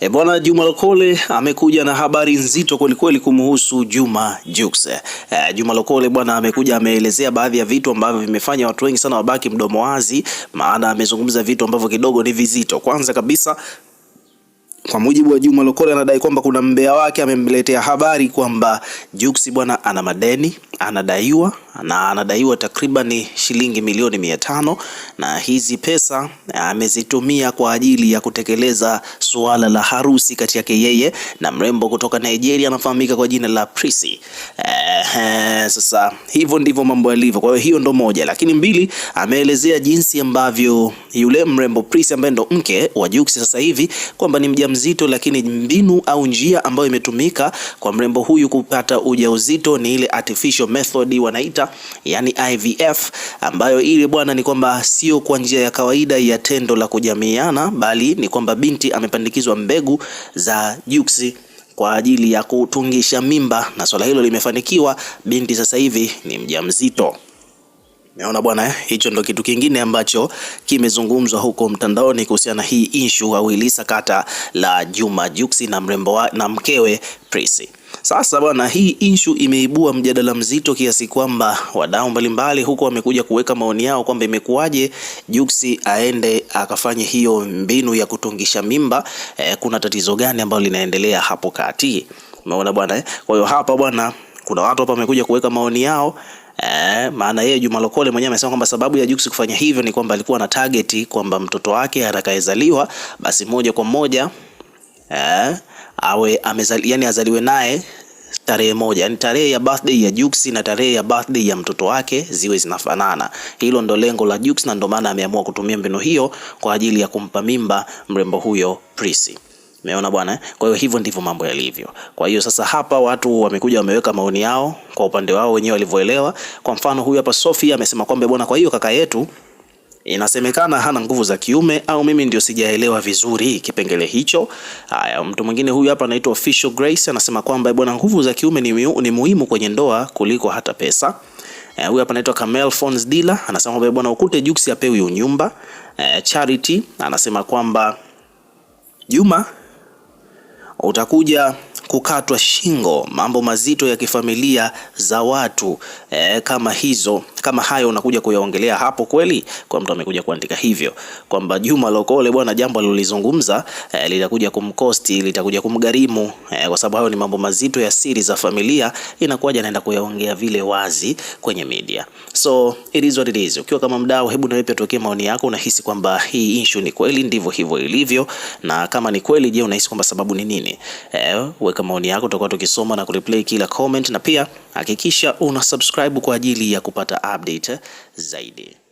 E, bwana Juma Lokole amekuja na habari nzito kwelikweli kumhusu Juma Jux. E, Juma Lokole bwana amekuja ameelezea baadhi ya vitu ambavyo vimefanya watu wengi sana wabaki mdomo wazi, maana amezungumza vitu ambavyo kidogo ni vizito. Kwanza kabisa kwa mujibu wa Juma Lokole anadai kwamba kuna mbea wake amemletea habari kwamba Jux bwana ana madeni anadaiwa na anadaiwa takriban shilingi milioni mia tano na hizi pesa amezitumia kwa ajili ya kutekeleza suala la harusi kati yake yeye na mrembo kutoka Nigeria anafahamika kwa jina la Prisi. Eh, sasa hivyo ndivyo mambo yalivyo. Kwa hiyo hiyo ndo moja, lakini mbili, ameelezea jinsi ambavyo yule mrembo Prisi ambaye ndo mke wa Jux sasa hivi kwamba ni mjamzito, lakini mbinu au njia ambayo imetumika kwa mrembo huyu kupata ujauzito ni ile artificial artificial Method wanaita yani IVF, ambayo ile bwana ni kwamba sio kwa njia ya kawaida ya tendo la kujamiana, bali ni kwamba binti amepandikizwa mbegu za juksi kwa ajili ya kutungisha mimba, na swala hilo limefanikiwa. Binti sasa hivi ni mjamzito. meona bwana eh, hicho ndo kitu kingine ambacho kimezungumzwa huko mtandaoni kuhusiana hii issue au ilisa kata la Juma Jux na mrembo na mkewe Prissy. Sasa bwana, hii issue imeibua mjadala mzito kiasi kwamba wadau mbalimbali huko wamekuja kuweka maoni yao kwamba imekuwaje Jux aende akafanye hiyo mbinu ya kutungisha mimba eh, kuna tatizo gani ambalo linaendelea hapo kati? Umeona bwana eh? Kwa hiyo hapa bwana kuna watu hapa wamekuja kuweka maoni yao eh, maana yeye Juma Lokole mwenyewe amesema kwamba sababu ya Jux kufanya hivyo ni kwamba alikuwa na target kwamba mtoto wake atakayezaliwa basi moja kwa moja eh, awe amezali, yani azaliwe naye tarehe moja, yani tarehe ya birthday ya Jux na tarehe ya birthday ya mtoto wake ziwe zinafanana. Hilo ndo lengo la Jux na ndo maana ameamua kutumia mbinu hiyo kwa ajili ya kumpa mimba mrembo huyo Prisi. Umeona bwana. Eh? Kwa hiyo hivyo ndivyo mambo yalivyo. Kwa hiyo sasa hapa watu wamekuja wameweka maoni yao kwa upande wao wenyewe walivyoelewa. Kwa mfano huyu hapa Sophie amesema kwamba bwana, kwa hiyo kaka yetu Inasemekana hana nguvu za kiume au mimi ndio sijaelewa vizuri kipengele hicho. Haya, mtu mwingine huyu hapa anaitwa Official Grace anasema kwamba bwana, nguvu za kiume ni, ni muhimu kwenye ndoa kuliko hata pesa. Uh, huyu hapa anaitwa Kamel Phones Dealer anasema kwamba bwana, ukute Jux apewi unyumba. Uh, Charity anasema kwamba Juma utakuja kukatwa shingo, mambo mazito ya kifamilia za watu e, kama hizo kama hayo unakuja kuyaongelea hapo kweli? Kwa mtu amekuja kuandika hivyo kwamba Juma Lokole bwana, jambo alilizungumza e, litakuja kumkosti litakuja kumgarimu e, kwa sababu hayo ni mambo mazito ya siri za familia, inakuwaje anaenda kuyaongea vile wazi kwenye media? So it is what it is. Ukiwa kama mdau, hebu na wewe pia tuwekee maoni yako, unahisi kwamba hii issue ni kweli ndivyo hivyo ilivyo, na kama ni kweli, je, unahisi kwamba sababu ni nini? e, kuweka maoni yako, tutakuwa tukisoma na kureplay kila comment, na pia hakikisha una subscribe kwa ajili ya kupata update zaidi.